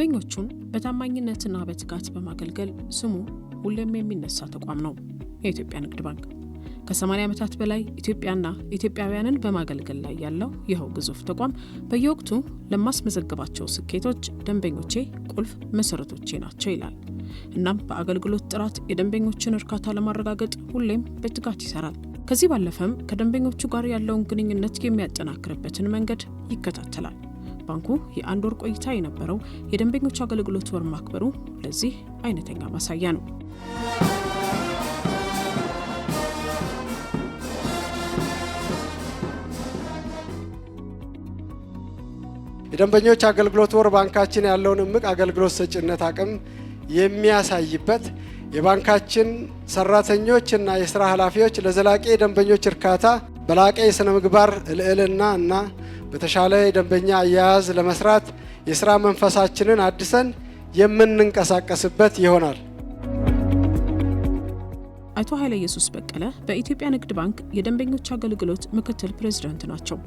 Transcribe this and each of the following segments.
ደንበኞቹን በታማኝነትና በትጋት በማገልገል ስሙ ሁሌም የሚነሳ ተቋም ነው የኢትዮጵያ ንግድ ባንክ። ከ80 ዓመታት በላይ ኢትዮጵያና ኢትዮጵያውያንን በማገልገል ላይ ያለው ይኸው ግዙፍ ተቋም በየወቅቱ ለማስመዘግባቸው ስኬቶች ደንበኞቼ ቁልፍ መሰረቶቼ ናቸው ይላል። እናም በአገልግሎት ጥራት የደንበኞችን እርካታ ለማረጋገጥ ሁሌም በትጋት ይሰራል። ከዚህ ባለፈም ከደንበኞቹ ጋር ያለውን ግንኙነት የሚያጠናክርበትን መንገድ ይከታተላል። ባንኩ የአንድ ወር ቆይታ የነበረው የደንበኞች አገልግሎት ወር ማክበሩ ለዚህ አይነተኛ ማሳያ ነው። የደንበኞች አገልግሎት ወር ባንካችን ያለውን እምቅ አገልግሎት ሰጭነት አቅም የሚያሳይበት የባንካችን ሰራተኞችና የስራ ኃላፊዎች ለዘላቂ የደንበኞች እርካታ በላቀ የሥነ ምግባር ልዕልና እና በተሻለ የደንበኛ አያያዝ ለመስራት የስራ መንፈሳችንን አድሰን የምንንቀሳቀስበት ይሆናል። አቶ ኃይለ ኢየሱስ በቀለ በኢትዮጵያ ንግድ ባንክ የደንበኞች አገልግሎት ምክትል ፕሬዝዳንት ናቸው።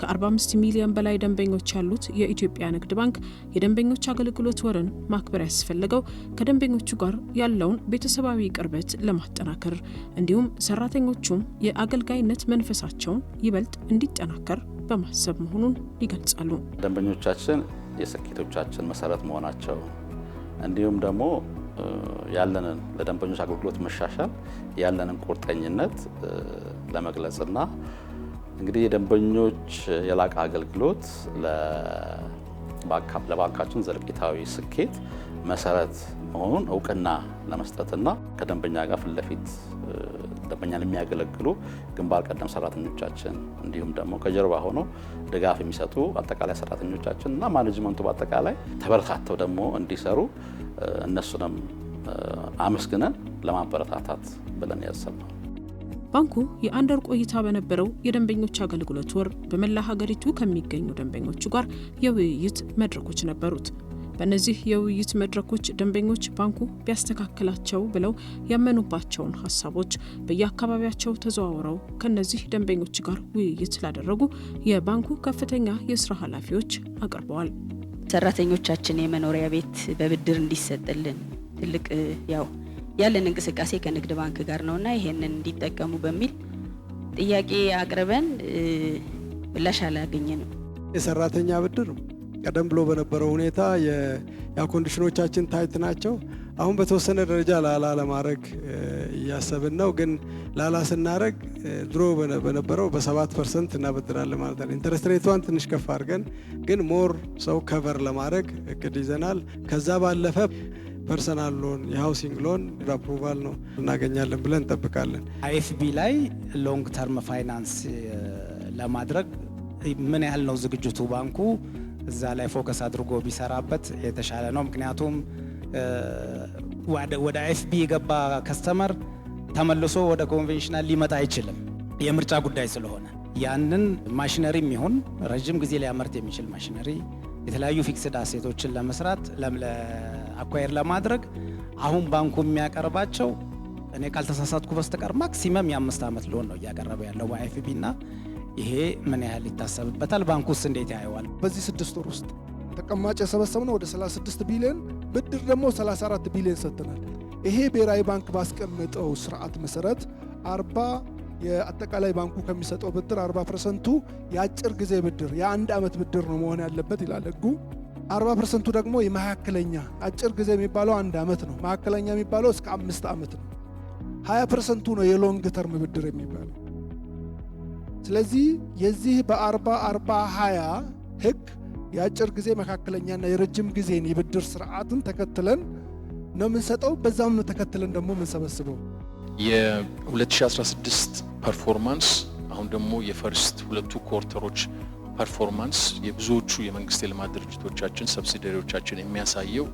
ከ45 ሚሊዮን በላይ ደንበኞች ያሉት የኢትዮጵያ ንግድ ባንክ የደንበኞች አገልግሎት ወርን ማክበር ያስፈለገው ከደንበኞቹ ጋር ያለውን ቤተሰባዊ ቅርበት ለማጠናከር እንዲሁም ሰራተኞቹም የአገልጋይነት መንፈሳቸውን ይበልጥ እንዲጠናከር በማሰብ መሆኑን ይገልጻሉ። ደንበኞቻችን የስኬቶቻችን መሰረት መሆናቸው እንዲሁም ደግሞ ያለንን ለደንበኞች አገልግሎት መሻሻል ያለንን ቁርጠኝነት ለመግለጽና እንግዲህ የደንበኞች የላቀ አገልግሎት ለባንካችን ዘለቄታዊ ስኬት መሰረት መሆኑን እውቅና ለመስጠትና ከደንበኛ ጋር ፊት ለፊት ደንበኛን የሚያገለግሉ ግንባር ቀደም ሰራተኞቻችን እንዲሁም ደግሞ ከጀርባ ሆኖ ድጋፍ የሚሰጡ አጠቃላይ ሰራተኞቻችን እና ማኔጅመንቱ በአጠቃላይ ተበረታተው ደግሞ እንዲሰሩ እነሱንም አመስግነን ለማበረታታት ብለን ያሰብነው ባንኩ የአንድ ወር ቆይታ በነበረው የደንበኞች አገልግሎት ወር በመላ ሀገሪቱ ከሚገኙ ደንበኞቹ ጋር የውይይት መድረኮች ነበሩት። በእነዚህ የውይይት መድረኮች ደንበኞች ባንኩ ቢያስተካክላቸው ብለው ያመኑባቸውን ሀሳቦች በየአካባቢያቸው ተዘዋውረው ከእነዚህ ደንበኞች ጋር ውይይት ስላደረጉ የባንኩ ከፍተኛ የስራ ኃላፊዎች አቅርበዋል። ሰራተኞቻችን የመኖሪያ ቤት በብድር እንዲሰጥልን ትልቅ ያው ያለን እንቅስቃሴ ከንግድ ባንክ ጋር ነውና ይሄንን እንዲጠቀሙ በሚል ጥያቄ አቅርበን ምላሽ አላገኘንም። የሰራተኛ ብድር ቀደም ብሎ በነበረው ሁኔታ የኮንዲሽኖቻችን ታይት ናቸው። አሁን በተወሰነ ደረጃ ላላ ለማድረግ እያሰብን ነው። ግን ላላ ስናደረግ ድሮ በነበረው በሰባት ፐርሰንት እናበድራለን ማለት ነው። ኢንተረስት ሬቷን ትንሽ ከፍ አድርገን ግን ሞር ሰው ከቨር ለማድረግ እቅድ ይዘናል። ከዛ ባለፈ ፐርሰናል ሎን፣ የሃውሲንግ ሎን አፕሩቫል ነው እናገኛለን ብለን እንጠብቃለን። አይኤፍቢ ላይ ሎንግ ተርም ፋይናንስ ለማድረግ ምን ያህል ነው ዝግጅቱ? ባንኩ እዛ ላይ ፎከስ አድርጎ ቢሰራበት የተሻለ ነው። ምክንያቱም ወደ አይኤፍቢ የገባ ከስተመር ተመልሶ ወደ ኮንቬንሽናል ሊመጣ አይችልም፣ የምርጫ ጉዳይ ስለሆነ ያንን ማሽነሪም ይሁን ረዥም ጊዜ ሊያመርት የሚችል ማሽነሪ የተለያዩ ፊክስድ አሴቶችን ለመስራት አኳየር ለማድረግ አሁን ባንኩ የሚያቀርባቸው እኔ ካልተሳሳትኩ በስተቀር ማክሲመም የአምስት ዓመት ሎን ነው እያቀረበ ያለው በአይኤፍቢ እና ይሄ ምን ያህል ይታሰብበታል? ባንኩስ እንዴት ያየዋል? በዚህ ስድስት ወር ውስጥ ተቀማጭ የሰበሰብነው ወደ 36 ቢሊዮን ብድር ደግሞ 34 ቢሊዮን ሰጥተናል። ይሄ ብሔራዊ ባንክ ባስቀመጠው ስርዓት መሰረት አርባ የአጠቃላይ ባንኩ ከሚሰጠው ብድር 40 ፐርሰንቱ የአጭር ጊዜ ብድር የአንድ ዓመት ብድር ነው መሆን ያለበት ይላል ህጉ። አርባ ፐርሰንቱ ደግሞ የመካከለኛ አጭር ጊዜ የሚባለው አንድ ዓመት ነው። መካከለኛ የሚባለው እስከ አምስት ዓመት ነው። ሀያ ፐርሰንቱ ነው የሎንግ ተርም ብድር የሚባለው። ስለዚህ የዚህ በአርባ አርባ ሀያ ህግ የአጭር ጊዜ መካከለኛና የረጅም ጊዜን የብድር ስርዓትን ተከትለን ነው የምንሰጠው። በዛም ነው ተከትለን ደግሞ የምንሰበስበው። የ2016 ፐርፎርማንስ አሁን ደግሞ የፈርስት ሁለቱ ኮርተሮች ፐርፎርማንስ የብዙዎቹ የመንግስት የልማት ድርጅቶቻችን ሰብሲደሪዎቻችን የሚያሳየው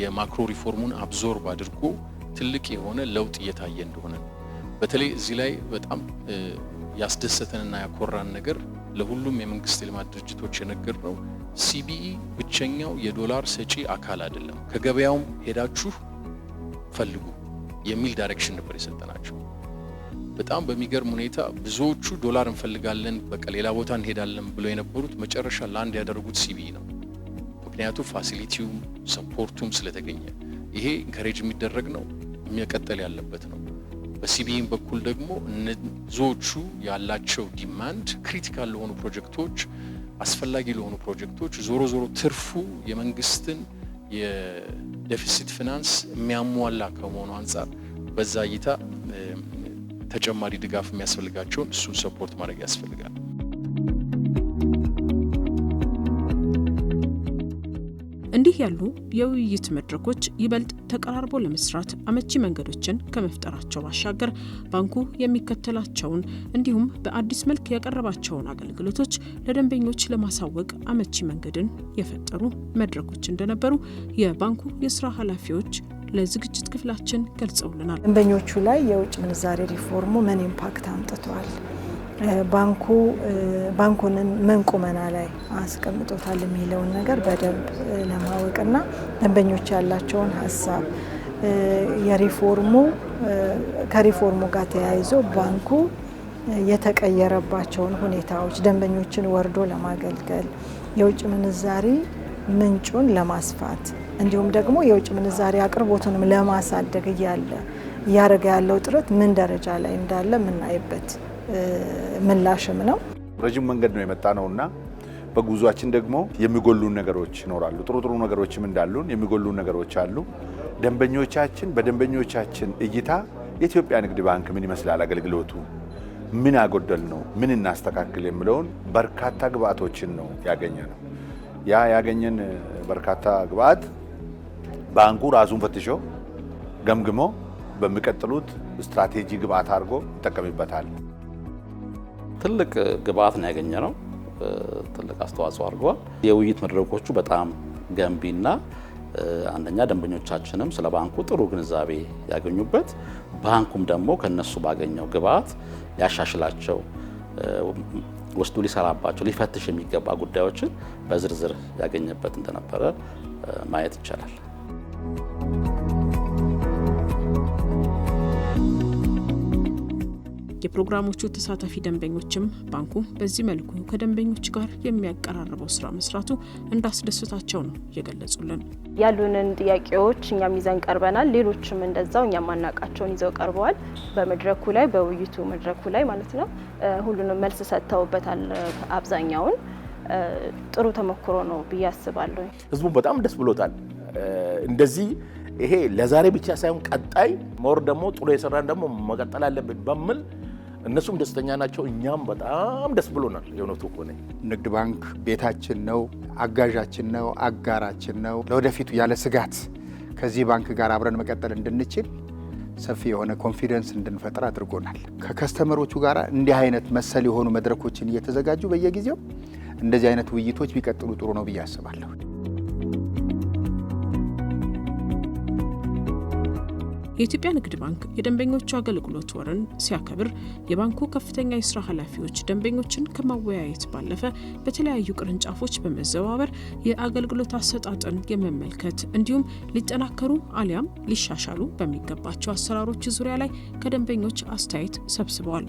የማክሮ ሪፎርሙን አብዞርብ አድርጎ ትልቅ የሆነ ለውጥ እየታየ እንደሆነ ነው። በተለይ እዚህ ላይ በጣም ያስደሰተንና ያኮራን ነገር ለሁሉም የመንግስት የልማት ድርጅቶች የነገር ነው። ሲቢኢ ብቸኛው የዶላር ሰጪ አካል አይደለም፣ ከገበያውም ሄዳችሁ ፈልጉ የሚል ዳይሬክሽን ነበር የሰጠናቸው። በጣም በሚገርም ሁኔታ ብዙዎቹ ዶላር እንፈልጋለን፣ በቃ ሌላ ቦታ እንሄዳለን ብለው የነበሩት መጨረሻ ለአንድ ያደረጉት ሲቢኢ ነው። ምክንያቱም ፋሲሊቲውም ሰፖርቱም ስለተገኘ ይሄ ኢንከሬጅ የሚደረግ ነው፣ መቀጠል ያለበት ነው። በሲቢኢም በኩል ደግሞ ብዙዎቹ ያላቸው ዲማንድ ክሪቲካል ለሆኑ ፕሮጀክቶች አስፈላጊ ለሆኑ ፕሮጀክቶች ዞሮ ዞሮ ትርፉ የመንግስትን የደፊሲት ፊናንስ የሚያሟላ ከመሆኑ አንጻር በዛ እይታ ተጨማሪ ድጋፍ የሚያስፈልጋቸውን እሱን ሰፖርት ማድረግ ያስፈልጋል። እንዲህ ያሉ የውይይት መድረኮች ይበልጥ ተቀራርቦ ለመስራት አመቺ መንገዶችን ከመፍጠራቸው ባሻገር ባንኩ የሚከተላቸውን እንዲሁም በአዲስ መልክ ያቀረባቸውን አገልግሎቶች ለደንበኞች ለማሳወቅ አመቺ መንገድን የፈጠሩ መድረኮች እንደነበሩ የባንኩ የስራ ኃላፊዎች ለዝግጅት ክፍላችን ገልጸውልናል። ደንበኞቹ ላይ የውጭ ምንዛሬ ሪፎርሙ ምን ኢምፓክት አምጥቷል፣ ባንኩ ባንኩንን ምን ቁመና ላይ አስቀምጦታል የሚለውን ነገር በደንብ ለማወቅና ደንበኞች ያላቸውን ሀሳብ የሪፎርሙ ከሪፎርሙ ጋር ተያይዞ ባንኩ የተቀየረባቸውን ሁኔታዎች ደንበኞችን ወርዶ ለማገልገል የውጭ ምንዛሪ ምንጩን ለማስፋት እንዲሁም ደግሞ የውጭ ምንዛሪ አቅርቦቱንም ለማሳደግ እያለ እያደረገ ያለው ጥረት ምን ደረጃ ላይ እንዳለ የምናይበት ምላሽም ነው። ረዥም መንገድ ነው የመጣ ነው እና በጉዟችን ደግሞ የሚጎሉን ነገሮች ይኖራሉ። ጥሩ ጥሩ ነገሮችም እንዳሉን የሚጎሉን ነገሮች አሉ። ደንበኞቻችን በደንበኞቻችን እይታ የኢትዮጵያ ንግድ ባንክ ምን ይመስላል፣ አገልግሎቱ ምን አጎደል ነው፣ ምን እናስተካክል የሚለውን በርካታ ግብአቶችን ነው ያገኘ ነው። ያ ያገኘን በርካታ ግብአት ባንኩ ራሱን ፈትሾ ገምግሞ በሚቀጥሉት ስትራቴጂ ግብአት አድርጎ ይጠቀምበታል። ትልቅ ግብአት ነው ያገኘ ነው። ትልቅ አስተዋጽኦ አድርገዋል። የውይይት መድረኮቹ በጣም ገንቢና አንደኛ ደንበኞቻችንም ስለ ባንኩ ጥሩ ግንዛቤ ያገኙበት ባንኩም ደግሞ ከነሱ ባገኘው ግብአት ያሻሽላቸው ውስጡ ሊሰራባቸው ሊፈትሽ የሚገባ ጉዳዮችን በዝርዝር ያገኘበት እንደነበረ ማየት ይቻላል። የፕሮግራሞቹ ተሳታፊ ደንበኞችም ባንኩ በዚህ መልኩ ከደንበኞች ጋር የሚያቀራርበው ስራ መስራቱ እንዳስደስታቸው ነው የገለጹልን። ያሉንን ጥያቄዎች እኛም ይዘን ቀርበናል። ሌሎችም እንደዛው እኛም ማናቃቸውን ይዘው ቀርበዋል። በመድረኩ ላይ በውይይቱ መድረኩ ላይ ማለት ነው ሁሉንም መልስ ሰጥተውበታል አብዛኛውን ጥሩ ተሞክሮ ነው ብዬ አስባለሁ። ህዝቡ በጣም ደስ ብሎታል። እንደዚህ ይሄ ለዛሬ ብቻ ሳይሆን ቀጣይ ሞር ደግሞ ጥሩ የሰራን ደግሞ መቀጠል አለብን በሚል እነሱም ደስተኛ ናቸው። እኛም በጣም ደስ ብሎናል። የእውነቱ ሆነ ንግድ ባንክ ቤታችን ነው፣ አጋዣችን ነው፣ አጋራችን ነው። ለወደፊቱ ያለ ስጋት ከዚህ ባንክ ጋር አብረን መቀጠል እንድንችል ሰፊ የሆነ ኮንፊደንስ እንድንፈጥር አድርጎናል። ከከስተመሮቹ ጋር እንዲህ አይነት መሰል የሆኑ መድረኮችን እየተዘጋጁ በየጊዜው እንደዚህ አይነት ውይይቶች ቢቀጥሉ ጥሩ ነው ብዬ አስባለሁ። የኢትዮጵያ ንግድ ባንክ የደንበኞቹ አገልግሎት ወርን ሲያከብር የባንኩ ከፍተኛ የስራ ኃላፊዎች ደንበኞችን ከማወያየት ባለፈ በተለያዩ ቅርንጫፎች በመዘዋወር የአገልግሎት አሰጣጥን የመመልከት እንዲሁም ሊጠናከሩ አሊያም ሊሻሻሉ በሚገባቸው አሰራሮች ዙሪያ ላይ ከደንበኞች አስተያየት ሰብስበዋል።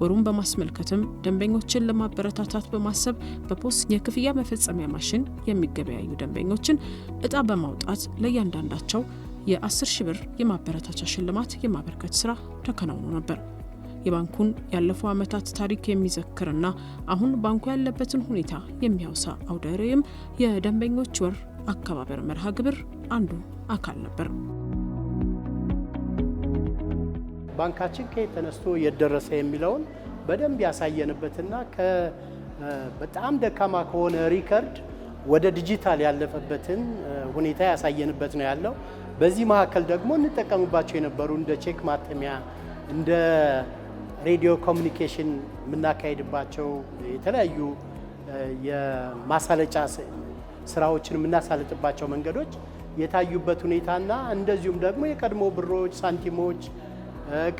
ወሩን በማስመልከትም ደንበኞችን ለማበረታታት በማሰብ በፖስ የክፍያ መፈጸሚያ ማሽን የሚገበያዩ ደንበኞችን እጣ በማውጣት ለእያንዳንዳቸው የ10 ሺ ብር የማበረታቻ ሽልማት የማበርከት ስራ ተከናውኖ ነበር። የባንኩን ያለፈው ዓመታት ታሪክ የሚዘክርና አሁን ባንኩ ያለበትን ሁኔታ የሚያውሳ አውደ ርዕይም የደንበኞች ወር አከባበር መርሃ ግብር አንዱ አካል ነበር። ባንካችን ከየት ተነስቶ የደረሰ የሚለውን በደንብ ያሳየንበትና በጣም ደካማ ከሆነ ሪከርድ ወደ ዲጂታል ያለፈበትን ሁኔታ ያሳየንበት ነው ያለው። በዚህ መካከል ደግሞ እንጠቀምባቸው የነበሩ እንደ ቼክ ማተሚያ፣ እንደ ሬዲዮ ኮሚኒኬሽን የምናካሄድባቸው የተለያዩ የማሳለጫ ስራዎችን የምናሳልጥባቸው መንገዶች የታዩበት ሁኔታና እንደዚሁም ደግሞ የቀድሞ ብሮች፣ ሳንቲሞች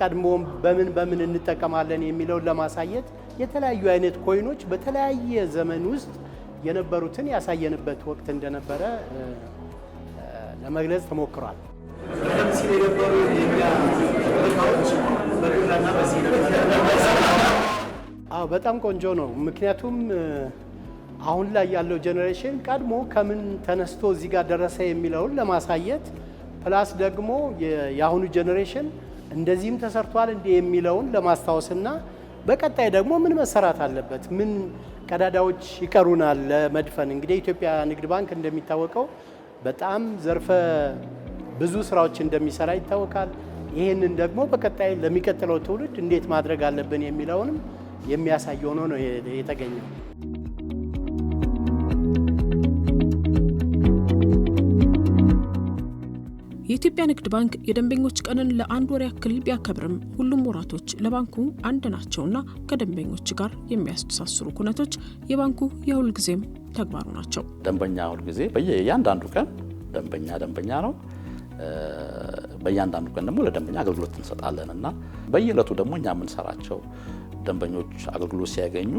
ቀድሞ በምን በምን እንጠቀማለን የሚለውን ለማሳየት የተለያዩ አይነት ኮይኖች በተለያየ ዘመን ውስጥ የነበሩትን ያሳየንበት ወቅት እንደነበረ ለመግለጽ ተሞክሯል። አዎ በጣም ቆንጆ ነው። ምክንያቱም አሁን ላይ ያለው ጀኔሬሽን ቀድሞ ከምን ተነስቶ እዚህ ጋር ደረሰ የሚለውን ለማሳየት ፕላስ ደግሞ የአሁኑ ጀኔሬሽን እንደዚህም ተሰርቷል እንዲ የሚለውን ለማስታወስና በቀጣይ ደግሞ ምን መሰራት አለበት፣ ምን ቀዳዳዎች ይቀሩናል ለመድፈን። እንግዲህ የኢትዮጵያ ንግድ ባንክ እንደሚታወቀው በጣም ዘርፈ ብዙ ስራዎች እንደሚሰራ ይታወቃል። ይህንን ደግሞ በቀጣይ ለሚቀጥለው ትውልድ እንዴት ማድረግ አለብን የሚለውንም የሚያሳይ ሆኖ ነው የተገኘው። የኢትዮጵያ ንግድ ባንክ የደንበኞች ቀንን ለአንድ ወር ያክል ቢያከብርም ሁሉም ወራቶች ለባንኩ አንድ ናቸውና ከደንበኞች ጋር የሚያስተሳስሩ ኩነቶች የባንኩ የሁልጊዜም ተግባሩ ናቸው። ደንበኛ ሁልጊዜ በየእያንዳንዱ ቀን ደንበኛ ደንበኛ ነው። በእያንዳንዱ ቀን ደግሞ ለደንበኛ አገልግሎት እንሰጣለን እና በየዕለቱ ደግሞ እኛ የምንሰራቸው ደንበኞች አገልግሎት ሲያገኙ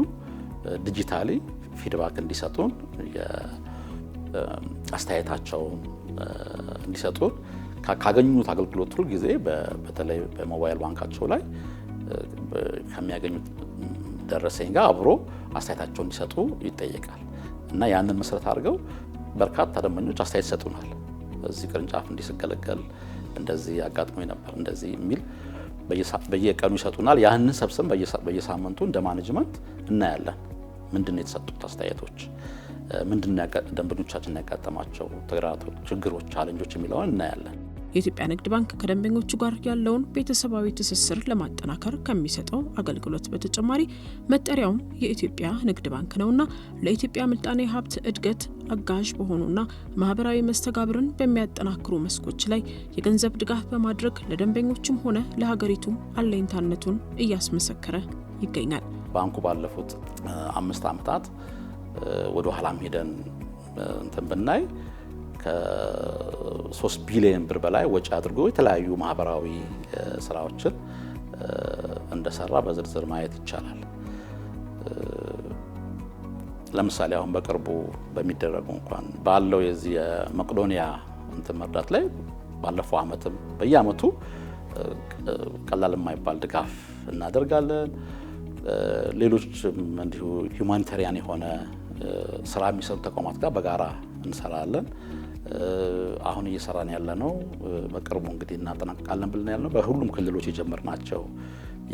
ዲጂታሊ ፊድባክ እንዲሰጡን አስተያየታቸውን እንዲሰጡን ካገኙት አገልግሎት ሁል ጊዜ በተለይ በሞባይል ባንካቸው ላይ ከሚያገኙት ደረሰኝ ጋር አብሮ አስተያየታቸው እንዲሰጡ ይጠየቃል እና ያንን መሰረት አድርገው በርካታ ደንበኞች አስተያየት ይሰጡናል። እዚህ ቅርንጫፍ እንዲስገለገል እንደዚህ አጋጥሞ ነበር እንደዚህ የሚል በየቀኑ ይሰጡናል። ያንን ሰብስበን በየሳምንቱ እንደ ማኔጅመንት እናያለን። ምንድን ነው የተሰጡት አስተያየቶች፣ ምንድን ደንበኞቻችን ያጋጠማቸው ተግዳሮቶች፣ ችግሮች፣ ቻለንጆች የሚለውን እናያለን። የኢትዮጵያ ንግድ ባንክ ከደንበኞቹ ጋር ያለውን ቤተሰባዊ ትስስር ለማጠናከር ከሚሰጠው አገልግሎት በተጨማሪ መጠሪያውም የኢትዮጵያ ንግድ ባንክ ነውና ለኢትዮጵያ ምጣኔ ሀብት እድገት አጋዥ በሆኑና ማህበራዊ መስተጋብርን በሚያጠናክሩ መስኮች ላይ የገንዘብ ድጋፍ በማድረግ ለደንበኞችም ሆነ ለሀገሪቱ አለኝታነቱን እያስመሰከረ ይገኛል። ባንኩ ባለፉት አምስት ዓመታት ወደ ኋላም ሄደን እንትን ብናይ ከሶስት ቢሊዮን ብር በላይ ወጪ አድርጎ የተለያዩ ማህበራዊ ስራዎችን እንደሰራ በዝርዝር ማየት ይቻላል። ለምሳሌ አሁን በቅርቡ በሚደረጉ እንኳን ባለው የዚህ የመቄዶንያ እንትን መርዳት ላይ ባለፈው አመትም በየአመቱ ቀላል የማይባል ድጋፍ እናደርጋለን። ሌሎችም እንዲሁ ሁማኒታሪያን የሆነ ስራ የሚሰሩ ተቋማት ጋር በጋራ እንሰራለን። አሁን እየሰራን ያለ ነው። በቅርቡ እንግዲህ እናጠናቅቃለን ብለን ያለ ነው። በሁሉም ክልሎች የጀመርናቸው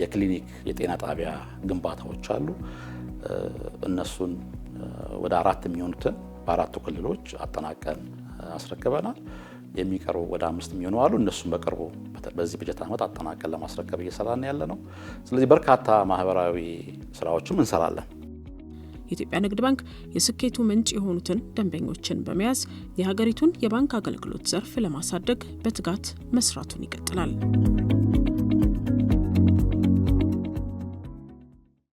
የክሊኒክ የጤና ጣቢያ ግንባታዎች አሉ። እነሱን ወደ አራት የሚሆኑትን በአራቱ ክልሎች አጠናቀን አስረክበናል። የሚቀርቡ ወደ አምስት የሚሆኑ አሉ። እነሱም በቅርቡ በዚህ በጀት ዓመት አጠናቀን ለማስረከብ እየሰራን ያለ ነው። ስለዚህ በርካታ ማህበራዊ ስራዎችም እንሰራለን። የኢትዮጵያ ንግድ ባንክ የስኬቱ ምንጭ የሆኑትን ደንበኞችን በመያዝ የሀገሪቱን የባንክ አገልግሎት ዘርፍ ለማሳደግ በትጋት መስራቱን ይቀጥላል።